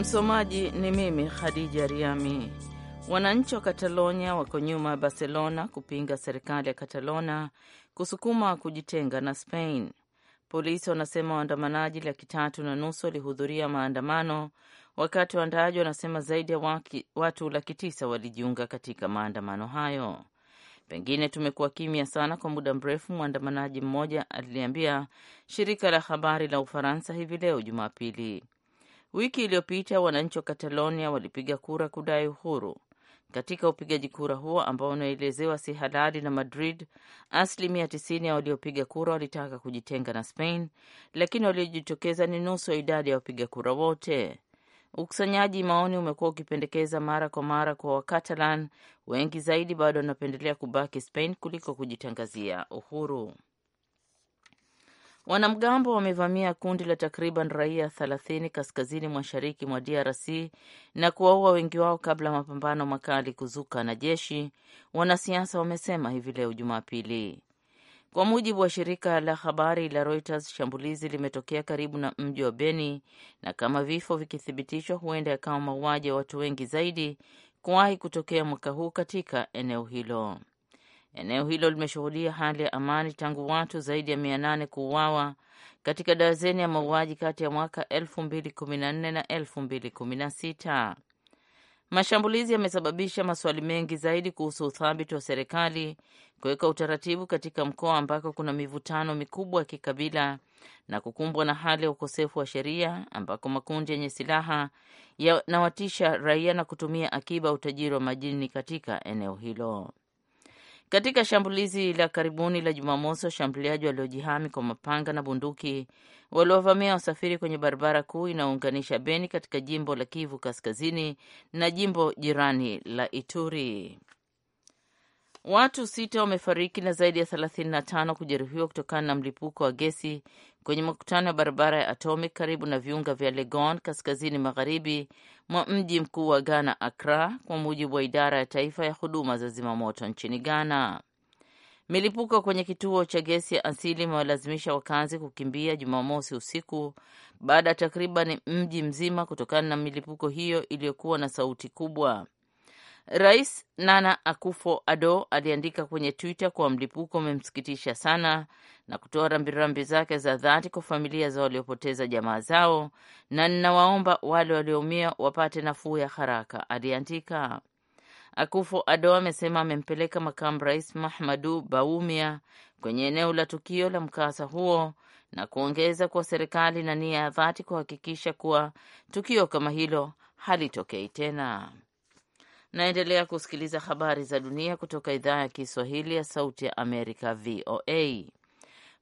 Msomaji ni mimi Khadija Riami. Wananchi wa Katalonia wako nyuma ya Barcelona kupinga serikali ya Katalona kusukuma kujitenga na Spain. Polisi wanasema waandamanaji laki tatu na nusu walihudhuria maandamano, wakati waandaaji wanasema zaidi ya watu laki tisa walijiunga katika maandamano hayo. Pengine tumekuwa kimya sana kwa muda mrefu, mwandamanaji mmoja aliliambia shirika la habari la Ufaransa hivi leo Jumapili. Wiki iliyopita wananchi wa Catalonia walipiga kura kudai uhuru. Katika upigaji kura huo ambao unaelezewa si halali na Madrid, asilimia 90 ya waliopiga kura walitaka kujitenga na Spain, lakini waliojitokeza ni nusu ya idadi ya wapiga kura wote. Ukusanyaji maoni umekuwa ukipendekeza mara kwa mara kwa Wakatalan wengi zaidi bado wanapendelea kubaki Spain kuliko kujitangazia uhuru. Wanamgambo wamevamia kundi la takriban raia thelathini kaskazini mashariki mwa DRC na kuwaua wengi wao kabla mapambano makali kuzuka na jeshi, wanasiasa wamesema hivi leo Jumapili. Kwa mujibu wa shirika la habari la Reuters, shambulizi limetokea karibu na mji wa Beni na kama vifo vikithibitishwa, huenda yakawa mauaji ya watu wengi zaidi kuwahi kutokea mwaka huu katika eneo hilo. Eneo hilo limeshuhudia hali ya amani tangu watu zaidi ya mia nane kuuawa katika dazeni ya mauaji kati ya mwaka kumi na sita. Mashambulizi yamesababisha maswali mengi zaidi kuhusu uthabiti wa serikali kuweka utaratibu katika mkoa ambako kuna mivutano mikubwa ya kikabila na kukumbwa na hali ya ukosefu wa sheria ambako makundi yenye silaha yanawatisha raia na kutumia akiba utajiri wa majini katika eneo hilo. Katika shambulizi la karibuni la Jumamosi, washambuliaji waliojihami kwa mapanga na bunduki waliovamia wasafiri kwenye barabara kuu inayounganisha Beni katika jimbo la Kivu Kaskazini na jimbo jirani la Ituri. Watu sita wamefariki na zaidi ya 35 kujeruhiwa kutokana na mlipuko wa gesi kwenye makutano ya barabara ya Atomic karibu na viunga vya Legon kaskazini magharibi mwa mji mkuu wa Ghana, Accra, kwa mujibu wa idara ya taifa ya huduma za zimamoto nchini Ghana. Milipuko kwenye kituo cha gesi ya asili imewalazimisha wakazi kukimbia Jumamosi usiku baada ya takriban mji mzima kutokana na milipuko hiyo iliyokuwa na sauti kubwa. Rais Nana akufo ado aliandika kwenye Twitter kuwa mlipuko umemsikitisha sana na kutoa rambirambi zake za dhati kwa familia za waliopoteza jamaa zao, na ninawaomba wale walioumia wapate nafuu ya haraka, aliandika. akufo ado amesema amempeleka makamu rais mahmadu baumia kwenye eneo la tukio la mkasa huo na kuongeza kuwa serikali na nia ya dhati kuhakikisha kuwa tukio kama hilo halitokei tena. Naendelea kusikiliza habari za dunia kutoka idhaa ya Kiswahili ya Sauti ya Amerika, VOA.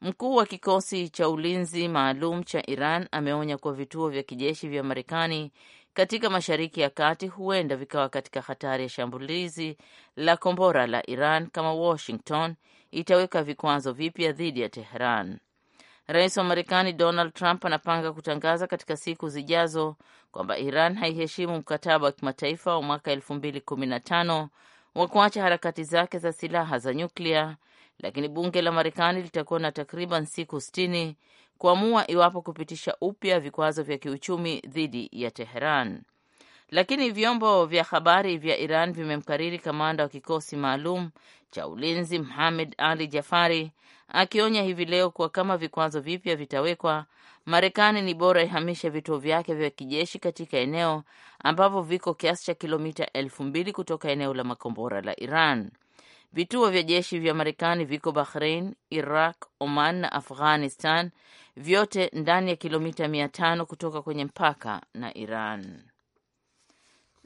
Mkuu wa kikosi cha ulinzi maalum cha Iran ameonya kuwa vituo vya kijeshi vya Marekani katika Mashariki ya Kati huenda vikawa katika hatari ya shambulizi la kombora la Iran kama Washington itaweka vikwazo vipya dhidi ya Teheran. Rais wa Marekani Donald Trump anapanga kutangaza katika siku zijazo kwamba Iran haiheshimu mkataba wa kimataifa wa mwaka 215 wa kuacha harakati zake za silaha za nyuklia, lakini bunge la Marekani litakuwa na takriban siku 60 kuamua iwapo kupitisha upya vikwazo vya kiuchumi dhidi ya Teheran lakini vyombo vya habari vya Iran vimemkariri kamanda wa kikosi maalum cha ulinzi mhamed Ali Jafari akionya hivi leo kuwa kama vikwazo vipya vitawekwa, Marekani ni bora ihamishe vituo vyake vya kijeshi katika eneo ambavyo viko kiasi cha kilomita elfu mbili kutoka eneo la makombora la Iran. Vituo vya jeshi vya Marekani viko bahrein Iraq, Oman na Afghanistan, vyote ndani ya kilomita mia tano kutoka kwenye mpaka na Iran.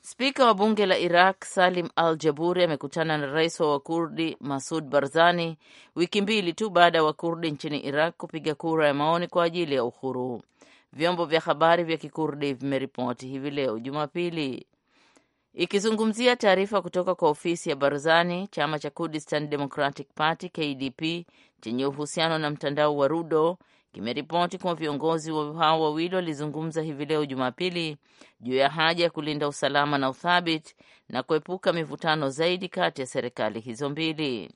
Spika wa bunge la Iraq Salim Al Jaburi amekutana na rais wa Wakurdi Masud Barzani wiki mbili tu baada ya Wakurdi nchini Iraq kupiga kura ya maoni kwa ajili ya uhuru. Vyombo vya habari vya Kikurdi vimeripoti hivi leo Jumapili. Ikizungumzia taarifa kutoka kwa ofisi ya Barzani, chama cha Kurdistan Democratic Party KDP chenye uhusiano na mtandao wa Rudo kimeripoti kuwa viongozi hao wawili walizungumza hivi leo Jumapili juu ya haja ya kulinda usalama na uthabiti na kuepuka mivutano zaidi kati ya serikali hizo mbili.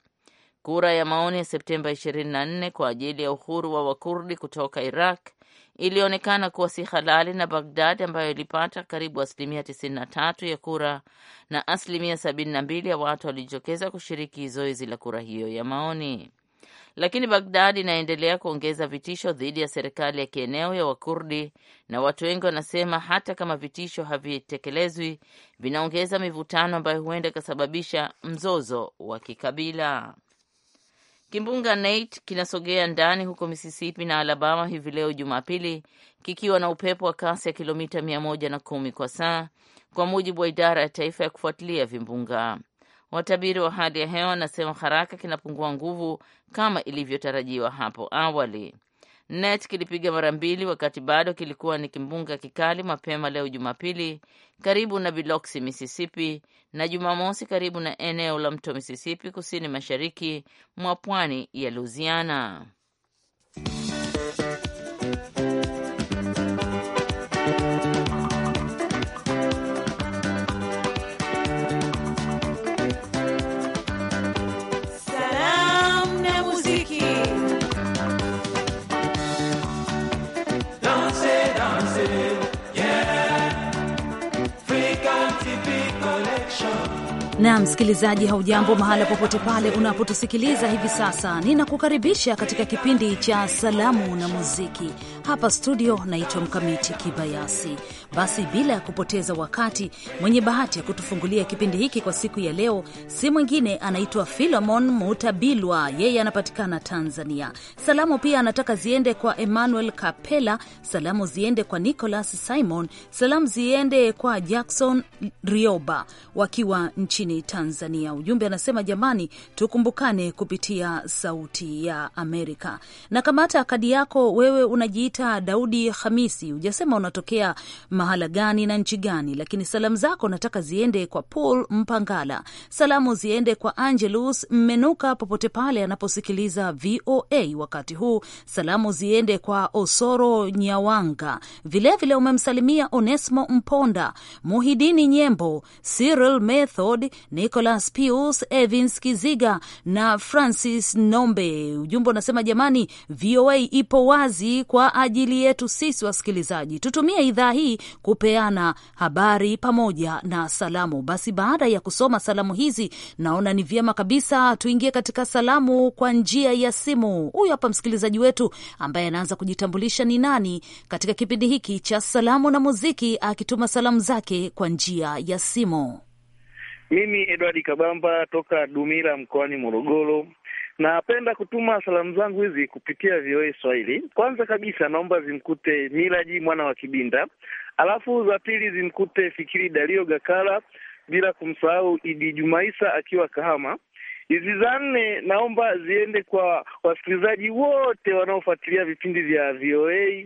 Kura ya maoni ya Septemba 24 kwa ajili ya uhuru wa Wakurdi kutoka Iraq ilionekana kuwa si halali na Bagdad ambayo ilipata karibu asilimia 93 ya kura na asilimia 72 ya watu walijitokeza kushiriki zoezi la kura hiyo ya maoni lakini Bagdad inaendelea kuongeza vitisho dhidi ya serikali ya kieneo ya Wakurdi, na watu wengi wanasema hata kama vitisho havitekelezwi vinaongeza mivutano ambayo huenda ikasababisha mzozo wa kikabila. Kimbunga Nate kinasogea ndani huko Mississippi na Alabama hivi leo Jumapili, kikiwa na upepo wa kasi ya kilomita mia moja na kumi kwa saa, kwa mujibu wa idara ya taifa ya kufuatilia vimbunga. Watabiri wa hali ya hewa wanasema haraka kinapungua nguvu kama ilivyotarajiwa hapo awali. Net kilipiga mara mbili wakati bado kilikuwa ni kimbunga kikali mapema leo Jumapili karibu na Biloxi, Mississippi na Jumamosi karibu na eneo la mto Mississippi kusini mashariki mwa pwani ya Louisiana. Na msikilizaji, haujambo mahala popote pale unapotusikiliza hivi sasa, ninakukaribisha katika kipindi cha salamu na muziki hapa studio. Naitwa Mkamiti Kibayasi. Basi bila ya kupoteza wakati, mwenye bahati ya kutufungulia kipindi hiki kwa siku ya leo si mwingine anaitwa Filemon Mutabilwa, yeye anapatikana Tanzania. Salamu pia anataka ziende kwa Emmanuel Kapela, salamu ziende kwa Nicolas Simon, salamu ziende kwa Jackson Rioba wakiwa nchini Tanzania. Ujumbe anasema jamani, tukumbukane kupitia Sauti ya Amerika. Na kamata kadi yako wewe, unajiita Daudi Hamisi, hujasema unatokea mahala gani na nchi gani, lakini salamu zako nataka ziende kwa Paul Mpangala, salamu ziende kwa Angelus Mmenuka popote pale anaposikiliza VOA wakati huu, salamu ziende kwa Osoro Nyawanga, vilevile umemsalimia onesimo Mponda, Muhidini Nyembo, Cyril Method, nicolas Pius, evins Kiziga na Francis Nombe. Ujumbe unasema jamani, VOA ipo wazi kwa ajili yetu sisi wasikilizaji, tutumie idhaa hii kupeana habari pamoja na salamu. Basi baada ya kusoma salamu hizi, naona ni vyema kabisa tuingie katika salamu kwa njia ya simu. Huyu hapa msikilizaji wetu ambaye anaanza kujitambulisha ni nani katika kipindi hiki cha salamu na muziki, akituma salamu zake kwa njia ya simu. Mimi Edward Kabamba toka dumira mkoani Morogoro. Napenda kutuma salamu zangu hizi kupitia VOA Swahili. Kwanza kabisa, naomba zimkute Miraji mwana wa Kibinda alafu za pili zimkute Fikiri Dario Gakala, bila kumsahau Idi Jumaisa akiwa Kahama. Hizi za nne naomba ziende kwa wasikilizaji wote wanaofuatilia vipindi vya VOA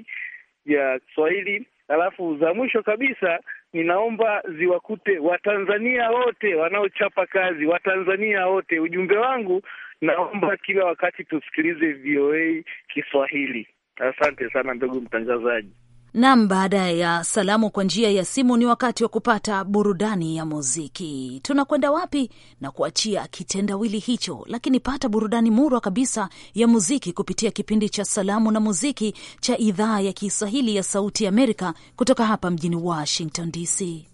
vya Kiswahili. Alafu za mwisho kabisa ninaomba ziwakute Watanzania wote wanaochapa kazi, Watanzania wote. Ujumbe wangu, naomba kila wakati tusikilize VOA Kiswahili. Asante sana ndugu mtangazaji. Nam, baada ya salamu kwa njia ya simu, ni wakati wa kupata burudani ya muziki. Tunakwenda wapi? Na kuachia kitendawili hicho, lakini pata burudani murwa kabisa ya muziki kupitia kipindi cha salamu na muziki cha idhaa ya Kiswahili ya Sauti Amerika kutoka hapa mjini Washington DC.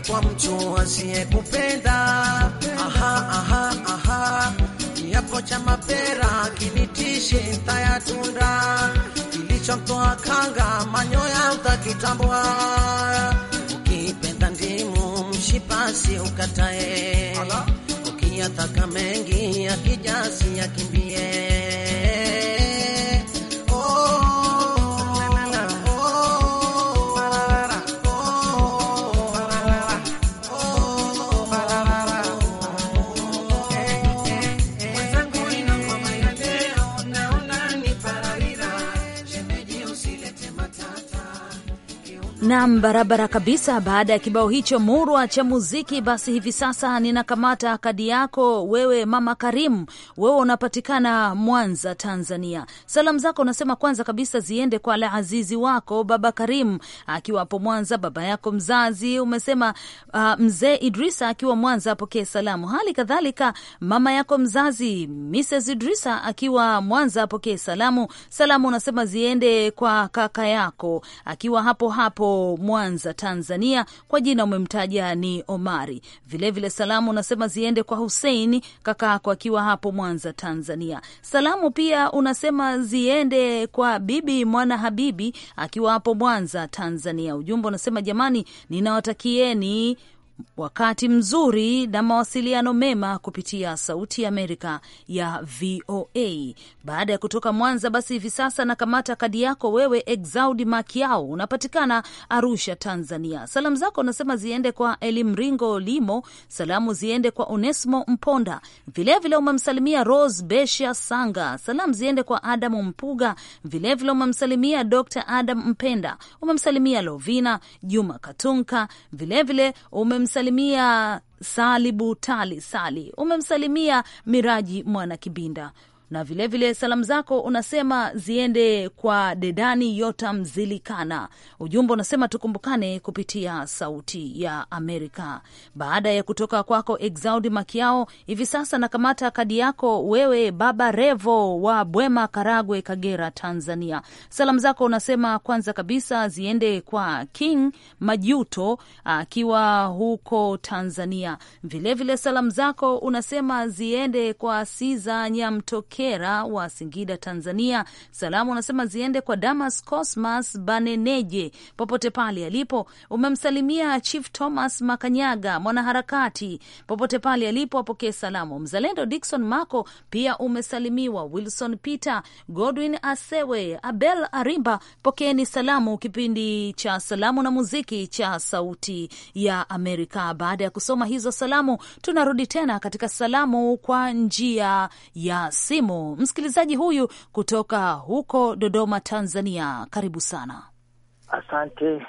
kwa mtu kupenda. Aha, aha, aha, yako cha mapera kinitishe ntayatunda, kilichomtoa kanga manyoya utakitambua. Ukipenda ndimu mshipasi ukatae, ukiyataka mengi akijasi yakimbi Nam, barabara kabisa. Baada ya kibao hicho murwa cha muziki, basi hivi sasa ninakamata kadi yako wewe, Mama karim Wewe unapatikana Mwanza, Tanzania. Salamu zako unasema kwanza kabisa ziende kwa la azizi wako Baba karim akiwa hapo Mwanza, baba yako mzazi. Umesema uh, mzee Idrisa akiwa Mwanza apokee salamu, hali kadhalika mama yako mzazi Mrs Idrisa akiwa Mwanza apokee salamu. Salamu unasema ziende kwa kaka yako akiwa hapo hapo Mwanza, Tanzania, kwa jina umemtaja ni Omari. Vilevile vile salamu unasema ziende kwa Huseini kakako akiwa hapo Mwanza, Tanzania. Salamu pia unasema ziende kwa bibi Mwana Habibi akiwa hapo Mwanza, Tanzania. Ujumbe unasema jamani, ninawatakieni wakati mzuri na mawasiliano mema kupitia Sauti ya Amerika ya VOA. Baada ya kutoka Mwanza, basi hivi sasa nakamata kadi yako wewe, Exaudi Makiao, unapatikana Arusha, Tanzania. Salamu zako unasema ziende kwa Elimringo Limo, salamu ziende kwa Onesimo Mponda, vilevile umemsalimia Rose Besha Sanga, salamu ziende kwa Adamu Mpuga, vilevile umemsalimia Dr Adam Mpenda, umemsalimia Lovina Juma Katunka, vilevile umem umemsalimia Salibu Tali Sali, umemsalimia Miraji Mwana Kibinda, na vilevile salamu zako unasema ziende kwa Dedani Yota Mzilikana. Ujumbe unasema tukumbukane kupitia Sauti ya Amerika. Baada ya kutoka kwako Exaudi Makiao, hivi sasa nakamata kadi yako wewe, Baba Revo wa Bwema, Karagwe, Kagera, Tanzania. Salamu zako unasema kwanza kabisa ziende kwa King Majuto akiwa huko Tanzania. Vilevile salamu zako unasema ziende kwa Siza Nyamtoki Makera wa Singida, Tanzania. Salamu anasema ziende kwa Damas Cosmas Baneneje popote pale alipo. Umemsalimia Chief Thomas Makanyaga mwanaharakati popote pale alipo, apokee salamu. Mzalendo Dikson Mako pia umesalimiwa, Wilson Peter, Godwin Asewe, Abel Arimba, pokeeni salamu. Kipindi cha salamu na muziki cha Sauti ya Amerika. Baada ya kusoma hizo salamu, tunarudi tena katika salamu kwa njia ya simu simu. Msikilizaji huyu kutoka huko Dodoma, Tanzania, karibu sana. Asante.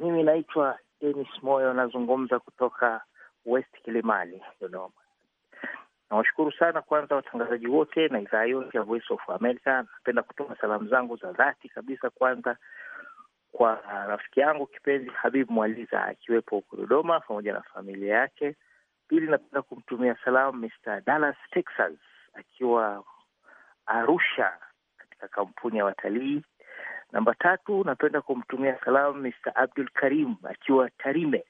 Mimi naitwa Denis Moyo, nazungumza kutoka West Kilimali, Dodoma. Nawashukuru sana kwanza watangazaji wote na idhaa yote ya Voice of America. Napenda kutuma salamu zangu za dhati kabisa kwanza kwa rafiki yangu kipenzi Habibu Mwaliza akiwepo huko Dodoma pamoja na familia yake. Pili, napenda kumtumia salamu Mr Dallas Texas akiwa Arusha katika kampuni ya watalii. Namba tatu, napenda kumtumia salamu Mr. Abdul Karim akiwa Tarime,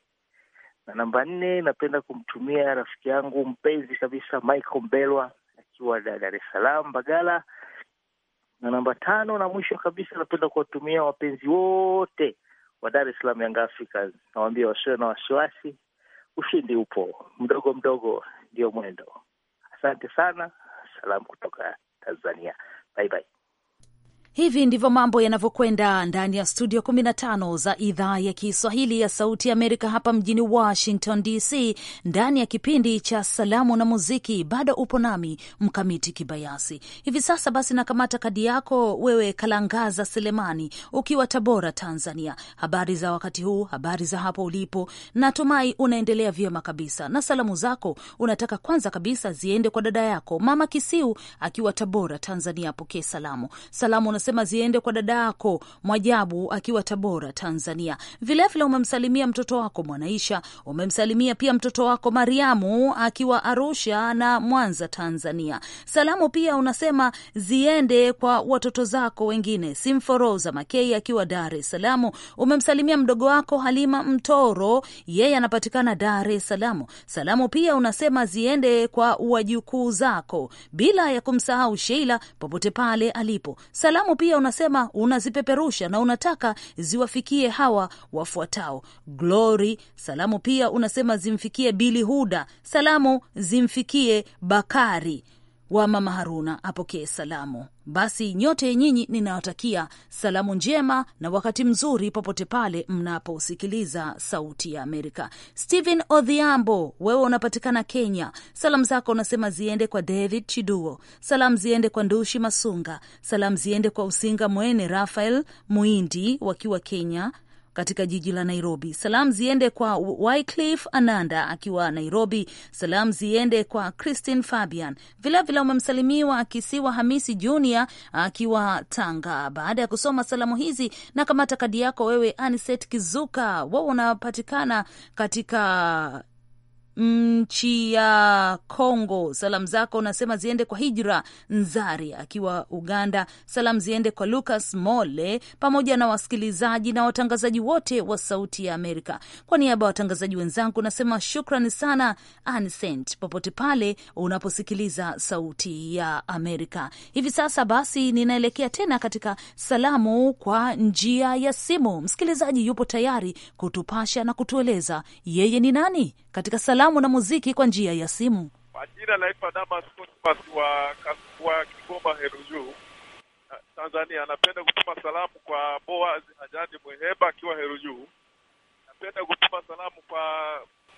na namba nne, napenda kumtumia rafiki yangu mpenzi kabisa Michael Mbelwa akiwa Dar es Salaam Bagala, na namba tano na mwisho kabisa, napenda kuwatumia wapenzi wote wa Dar es Salaam Young Africans, nawaambia wasiwe na wasiwasi, ushindi upo, mdogo mdogo ndio mwendo. Asante sana. Salaam kutoka Tanzania. Bye bye. Hivi ndivyo mambo yanavyokwenda ndani ya studio 15 za idhaa ya Kiswahili ya Sauti ya Amerika hapa mjini Washington DC, ndani ya kipindi cha Salamu na Muziki. Bado upo nami Mkamiti Kibayasi. Hivi sasa basi, nakamata kadi yako wewe, Kalangaza Selemani, ukiwa Tabora, Tanzania. Habari za wakati huu, habari za hapo ulipo, natumai unaendelea vyema kabisa, na salamu zako unataka kwanza kabisa ziende kwa dada yako Mama Kisiu akiwa Tabora, Tanzania. Pokee salamu salamu unasema ziende kwa dada yako Mwajabu akiwa Tabora, Tanzania. Vilevile umemsalimia mtoto wako Mwanaisha, umemsalimia pia mtoto wako Mariamu akiwa Arusha na Mwanza, Tanzania. Salamu pia unasema ziende kwa watoto zako wengine, Simforoza Makei akiwa Dar es Salaam. Umemsalimia mdogo wako Halima Mtoro, yeye anapatikana Dar es Salaam. Salamu pia unasema ziende kwa wajukuu zako, bila ya kumsahau Sheila popote pale alipo. Salamu Uislamu pia unasema unazipeperusha na unataka ziwafikie hawa wafuatao. Glory salamu pia unasema zimfikie Bili Huda, salamu zimfikie Bakari wa Mama Haruna apokee salamu. Basi nyote nyinyi ninawatakia salamu njema na wakati mzuri popote pale mnaposikiliza Sauti ya Amerika. Stephen Odhiambo, wewe unapatikana Kenya. Salamu zako unasema ziende kwa David Chiduo, salamu ziende kwa Ndushi Masunga, salamu ziende kwa Usinga Mwene Rafael Muindi wakiwa Kenya, katika jiji la Nairobi. Salamu ziende kwa Wycliffe Ananda akiwa Nairobi. Salamu ziende kwa Christine Fabian, vilevile umemsalimiwa Kisiwa Hamisi Junior akiwa Tanga. Baada ya kusoma salamu hizi, na kamata kadi yako wewe, Aniset Kizuka, wo unapatikana katika nchi ya congo Salamu zako unasema ziende kwa Hijra Nzari akiwa Uganda. Salamu ziende kwa Lucas Mole pamoja na wasikilizaji na watangazaji wote wa Sauti ya Amerika. Kwa niaba ya watangazaji wenzangu nasema shukrani sana Ansent, popote pale unaposikiliza Sauti ya Amerika hivi sasa. Basi ninaelekea tena katika salamu kwa njia ya simu. Msikilizaji yupo tayari kutupasha na kutueleza yeye ni nani katika salamu na muziki kwa njia ya simu. Majina naitwa Damas wa Kasua, Kigoma Herujuu, Tanzania. Napenda kutuma salamu kwa Boaz Hajandi Mweheba akiwa Herujuu. Napenda kutuma salamu kwa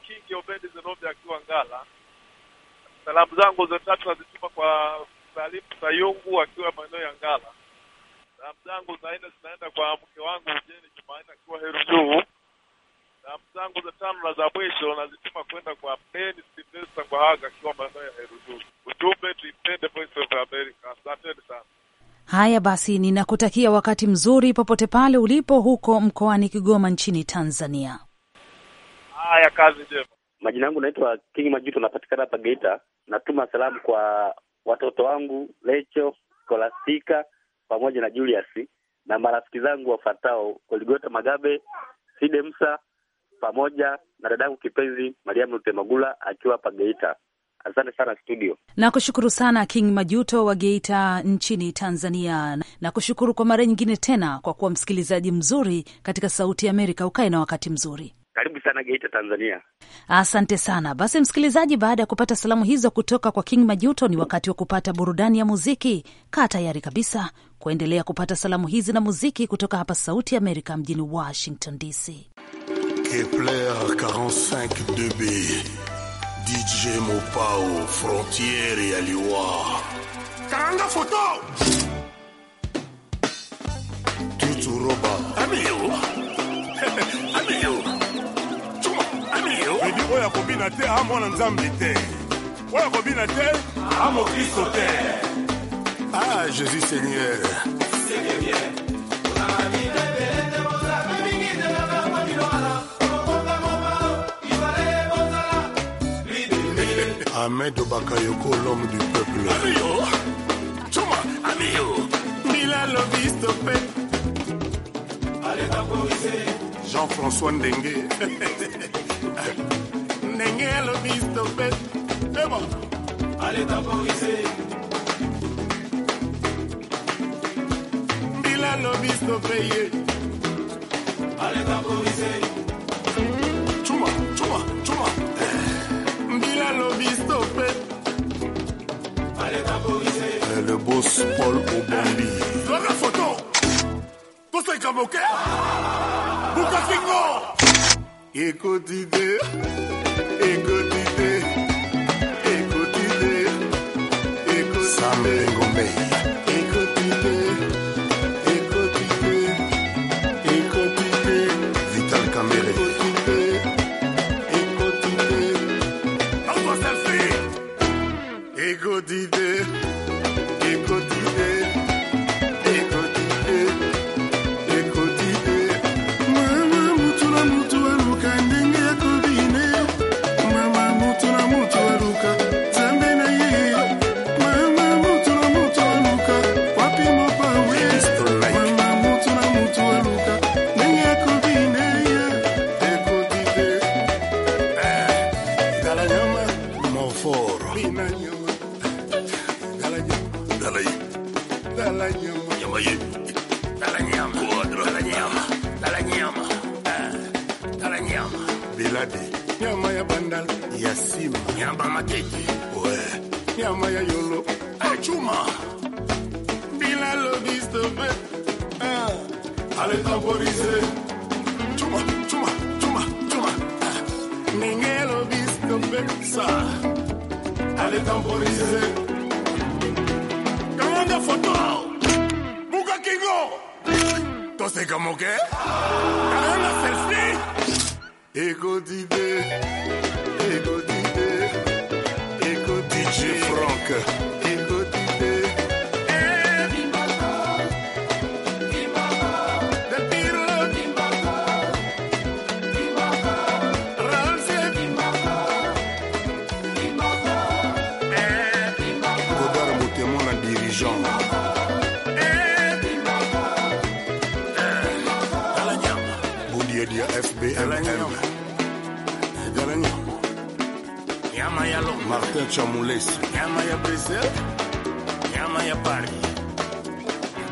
Kingi Obedi Zenobi akiwa Ngala. Salamu zangu zote tatu nazituma kwa Salimu Sayungu akiwa maeneo ya Ngala. Salamu zangu zaina zinaenda kwa mke wangu Jeni Jumanne akiwa Herujuu damu zangu za tano na za mwisho nazituma kwenda kwa Mneni kwa Haga akiwa maeneo ya Eruduni. Ujumbe tuipende Voice of America. Asanteni sana. Haya basi, ninakutakia wakati mzuri popote pale ulipo huko mkoani Kigoma nchini Tanzania. Haya, kazi njema. Majina yangu naitwa King Majuto, napatikana hapa Geita. Natuma salamu kwa watoto wangu Lecho Kolastika pamoja na Julius na marafiki zangu wafuatao Koligota Magabe, Sidemsa pamoja na dadangu kipenzi Mariamu Lutemagula akiwa hapa Geita. Asante sana studio. Nakushukuru sana King Majuto wa Geita nchini Tanzania. Nakushukuru kwa mara nyingine tena kwa kuwa msikilizaji mzuri katika Sauti ya Amerika. Ukae na wakati mzuri. Karibu sana Geita, Tanzania. Asante sana. Basi msikilizaji, baada ya kupata salamu hizo kutoka kwa King Majuto, ni wakati wa kupata burudani ya muziki. Kaa tayari kabisa kuendelea kupata salamu hizi na muziki kutoka hapa Sauti ya Amerika mjini Washington DC. Kepler 45-2B, DJ Mopao, Frontière et Aliwa. Karanga photo! Roba. Amio! Amio! Tuma! Amio! Bedi oya à te, à mwana nzambe te. Oya kobina à Ah mokristo te. Ah, Jésus Seigneur. Seigneur. Ahmed Bakayoko, l'homme du peuple. Amio. chuma, amigo, Mila Vistope. Allez, Jean-François Ndengue. Ndengue, le Vistope. C'est bon. Allez, taporiser. Milano Vistope. Allez, d'aboriser. na boke buka fingo ekotide ekotide ekotide ekotide sambe ngombe simu, nyamba matete, we nyama ya yolo achuma bila lo disturbe ah ale temporise chuma chuma chuma chuma eh, ningelo disturbe sa ale temporise kamanda foto buka kingo tose como que kamanda selfie écoute idée de Franck. FBMM. Jalan Nyama ya lomba. Martin Chamulesi. Nyama ya Brazil. Nyama ya Bari.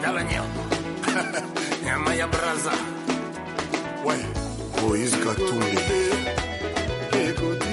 Dala nyama. nyama ya braza. We. Moise Katumbi. Écoute.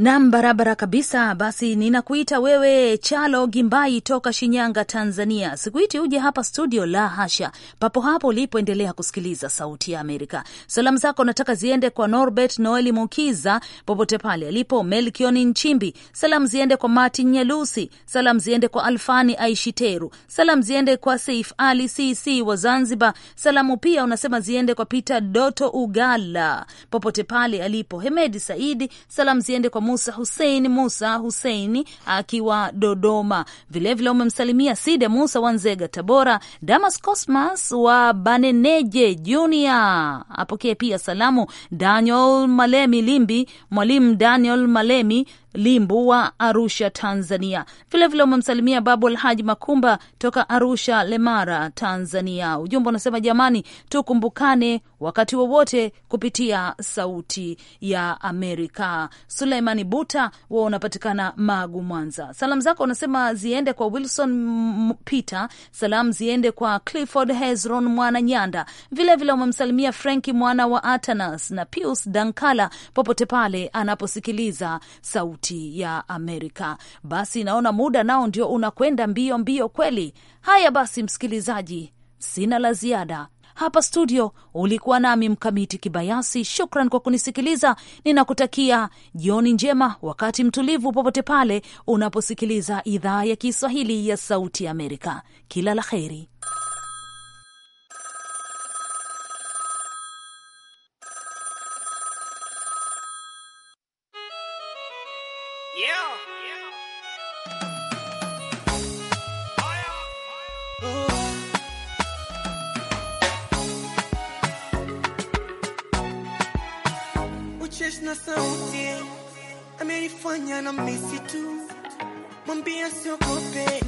Nam, barabara kabisa. Basi ninakuita wewe Chalo Gimbai toka Shinyanga, Tanzania. Sikuiti uje hapa studio, la hasha, papo hapo ulipoendelea kusikiliza Sauti ya Amerika. Salamu zako nataka ziende kwa Norbert Noeli Mukiza popote pale alipo, Melkioni Nchimbi. Salamu ziende kwa Martin Nyalusi, salamu ziende kwa Alfani Aishiteru, salamu ziende kwa Saif Ali Cc wa Zanzibar. Salamu pia unasema ziende kwa Peter Doto Ugala popote pale alipo, Hemedi Saidi. Salamu ziende kwa Musa Hussein Musa Hussein akiwa Dodoma. Vilevile umemsalimia Side Musa Wanzega Tabora, Damas Cosmas wa Baneneje Junior apokee pia salamu. Daniel Malemi Limbi, mwalimu Daniel Malemi Limbua, Arusha, Tanzania. Vilevile umemsalimia Babu Alhaji Makumba toka Arusha, Lemara, Tanzania. Ujumbe unasema jamani, tukumbukane wakati wowote kupitia Sauti ya Amerika. Suleimani Buta wa unapatikana Magu, Mwanza. Salamu zako unasema ziende kwa Wilson Peter, salamu ziende kwa Clifford Hezron Mwana Nyanda. Vilevile umemsalimia Franki mwana wa Atanas na Pius Dankala popote pale anaposikiliza Sauti Sauti ya Amerika. Basi naona muda nao ndio unakwenda mbio mbio kweli. Haya basi, msikilizaji, sina la ziada hapa studio. Ulikuwa nami Mkamiti Kibayasi. Shukran kwa kunisikiliza, ninakutakia jioni njema, wakati mtulivu, popote pale unaposikiliza idhaa ya Kiswahili ya Sauti Amerika. Kila la heri. kufanya na misitu, mwambie siogope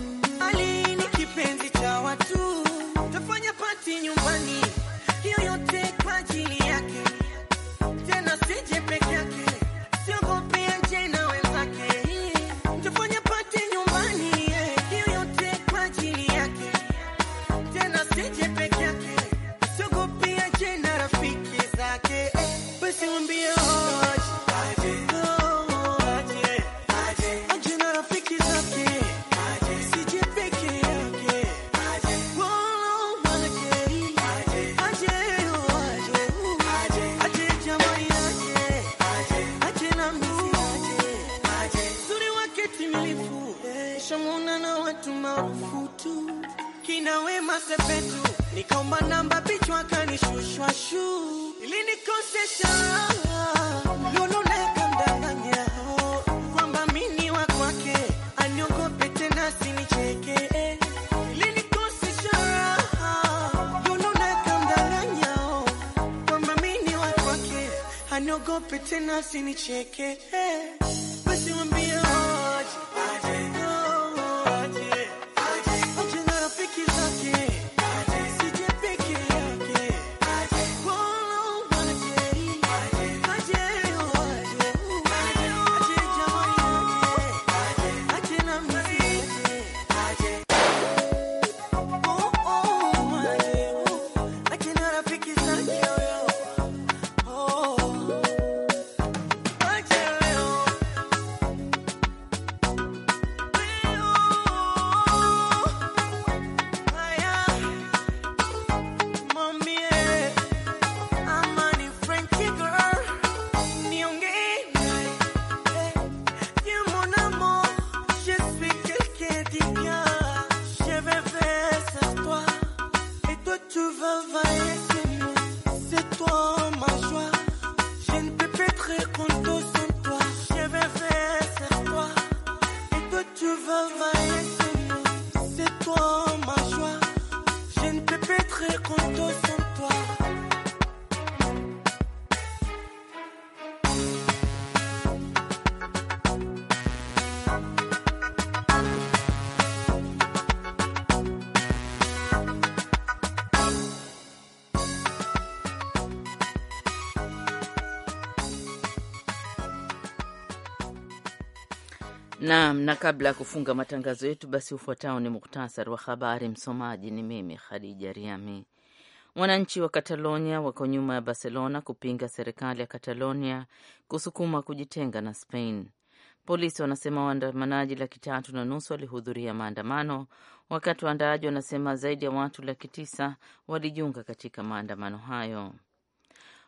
Aniogope tena sinicheke far. Naam, na kabla ya kufunga matangazo yetu, basi ufuatao ni muktasari wa habari. Msomaji ni mimi Khadija Riami. Wananchi wa Katalonia wako nyuma ya Barcelona kupinga serikali ya Katalonia kusukuma kujitenga na Spain. Polisi wanasema waandamanaji laki tatu na nusu walihudhuria maandamano, wakati waandaaji wanasema zaidi ya watu laki tisa walijiunga katika maandamano hayo.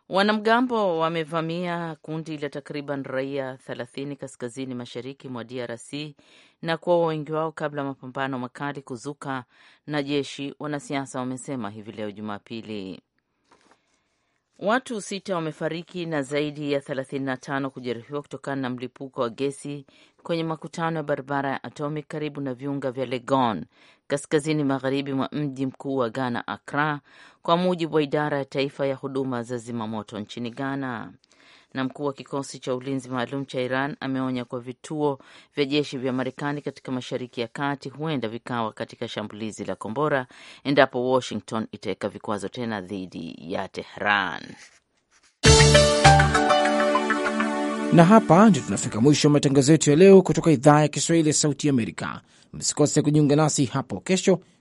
Wanamgambo wamevamia kundi la takriban raia 30 kaskazini mashariki mwa DRC na kuwaua wengi wao kabla ya mapambano makali kuzuka na jeshi, wanasiasa wamesema hivi leo Jumapili. Watu sita wamefariki na zaidi ya 35 kujeruhiwa kutokana na mlipuko wa gesi kwenye makutano ya barabara ya Atomic karibu na viunga vya Legon kaskazini magharibi mwa mji mkuu wa Ghana, Accra, kwa mujibu wa idara ya taifa ya huduma za zimamoto nchini Ghana na mkuu wa kikosi cha ulinzi maalum cha Iran ameonya kuwa vituo vya jeshi vya Marekani katika Mashariki ya Kati huenda vikawa katika shambulizi la kombora endapo Washington itaweka vikwazo tena dhidi ya Tehran. Na hapa ndio tunafika mwisho wa matangazo yetu ya leo kutoka idhaa ya Kiswahili ya Sauti Amerika. Msikose kujiunga nasi hapo kesho